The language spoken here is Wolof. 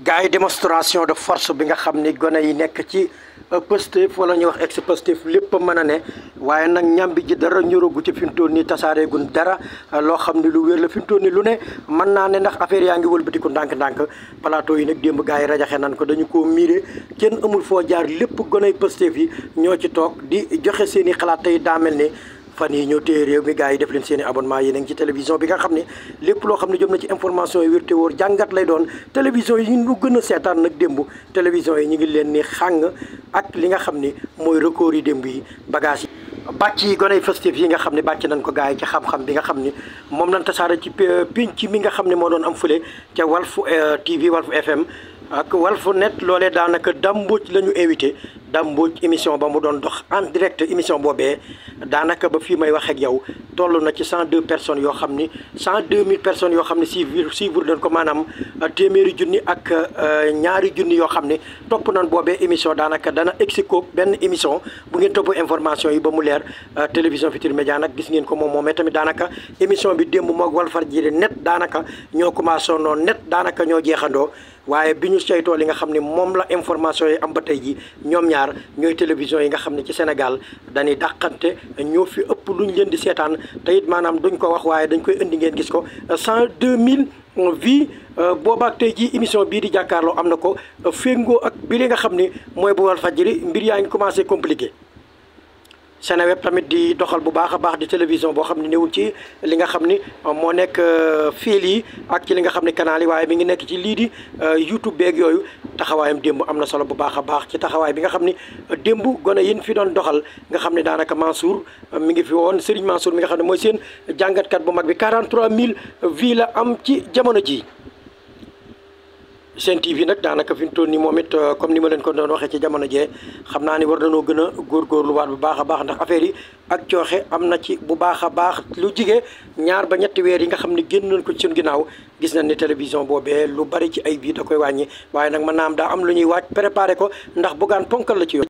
gars yi démonstration de force bi nga xam ni gone yi nekk ci euh, Pastef wala ñu wax ex Pastef lépp mën a ne waaye nag ñam bi ji dara ñorogu ci fi mu toll nii tasaareegun dara euh, loo xam ne lu wér la fi mu toll nii lu ne mën naa ne ndax affaire yaa ngi wëlbatiku ndànk-ndànk plateau yi nag démb gars yi rajaxe nan ko dañu koo miire kenn amul foo jaar lépp gone yi Pastef yi ñoo ci toog di joxe seeni xalaat tey daa mel ni fan yi ñoo téye réew mi gars yi def leen seen i abonnement yéen a ngi ci télévision bi nga xam ne lépp loo xam ne jëm na ci information yi wér te wóor jàngat lay doon télévision yi ñu gën a seetaan nag démb télévision yi ñu ngi leen ni xàng ak li nga xam ni mooy record yi démb yi bagage yi bàcc yi gone festif yi nga xam ne bàcc nañ ko gars yi ci xam-xam bi nga xam ni moom lañ tasaare ci euh, pénc mi nga xam ne moo doon am fule ca Walf euh, TV Walf FM ak Walf Net loole daanaka Dame Mbodj la invité Dame Mbodj émission ba mu doon dox en direct émission boobee daanaka ba fii may wax ak yow toll na ci cent deux personnes yoo xam ni cent deux mille personnes yoo xam ne suivre suivre dañ ko maanaam téeméeri junni ak euh, ñaari junni yoo xam ne topp nan boobee émission daanaka dana exiko benn émission bu ngeen topp information yi ba mu leer euh, télévision Futurs Médias nag gis ngeen ko moom moomee tamit daanaka émission bi démb moog Walfadjri net daanaka ñoo commencé noonu net daanaka ñoo jeexandoo waaye bi ñu saytoo li nga xam ne moom la information yi am ba tey ji ñoom ñaar ñooy télévision yi nga xam ne ci Sénégal dañuy dàqante ñoo fi ëpp lu luñ leen di seetaan te it maanaam duñ ko wax waaye dañ koy indi ngeen gis ko cent deux mille vie euh, boobaak tey jii émission bii di jàkkaarloo am na ko euh, féngoo ak bi li nga xam ni mooy bu Walfadjri mbir yaa ngi commencé compliqué Seneweb tamit di doxal bu baax a baax di télévision boo xam ne newul ci li nga xam ni euh, moo nekk euh, fiil yi ak ci li nga xam ne canal yi waaye mi ngi nekk ci lii di euh, YouTube beeg yooyu taxawaayam démb am na solo bu baax a baax ci taxawaay bi nga xam ni démb gone yin fi doon doxal nga xam ne daanaka Mansour mi ngi fi woon Serigne Mansour mi nga xam ne mooy seen jàngatkat bu mag bi 43000 vies la am ci jamono ji Sen TV nag daanaka fi mu toll nii moom it euh, comme ni ma leen ko doon waxee ci jamono jee xam naa ni war nañoo gën a góorgóorluwaat bu baax a baax ndax affaire yi ak cooxe am na ci bu baax a baax lu jige ñaar ba ñetti weer yi nga xam ne génn nañ ko ci suñu ginnaaw gis nañ ni télévision boobee lu bari ci ay bii da koy wàññi waaye nag mën naa am daa am lu ñuy waaj préparé ko ndax bugaan ponkal la ci yoon.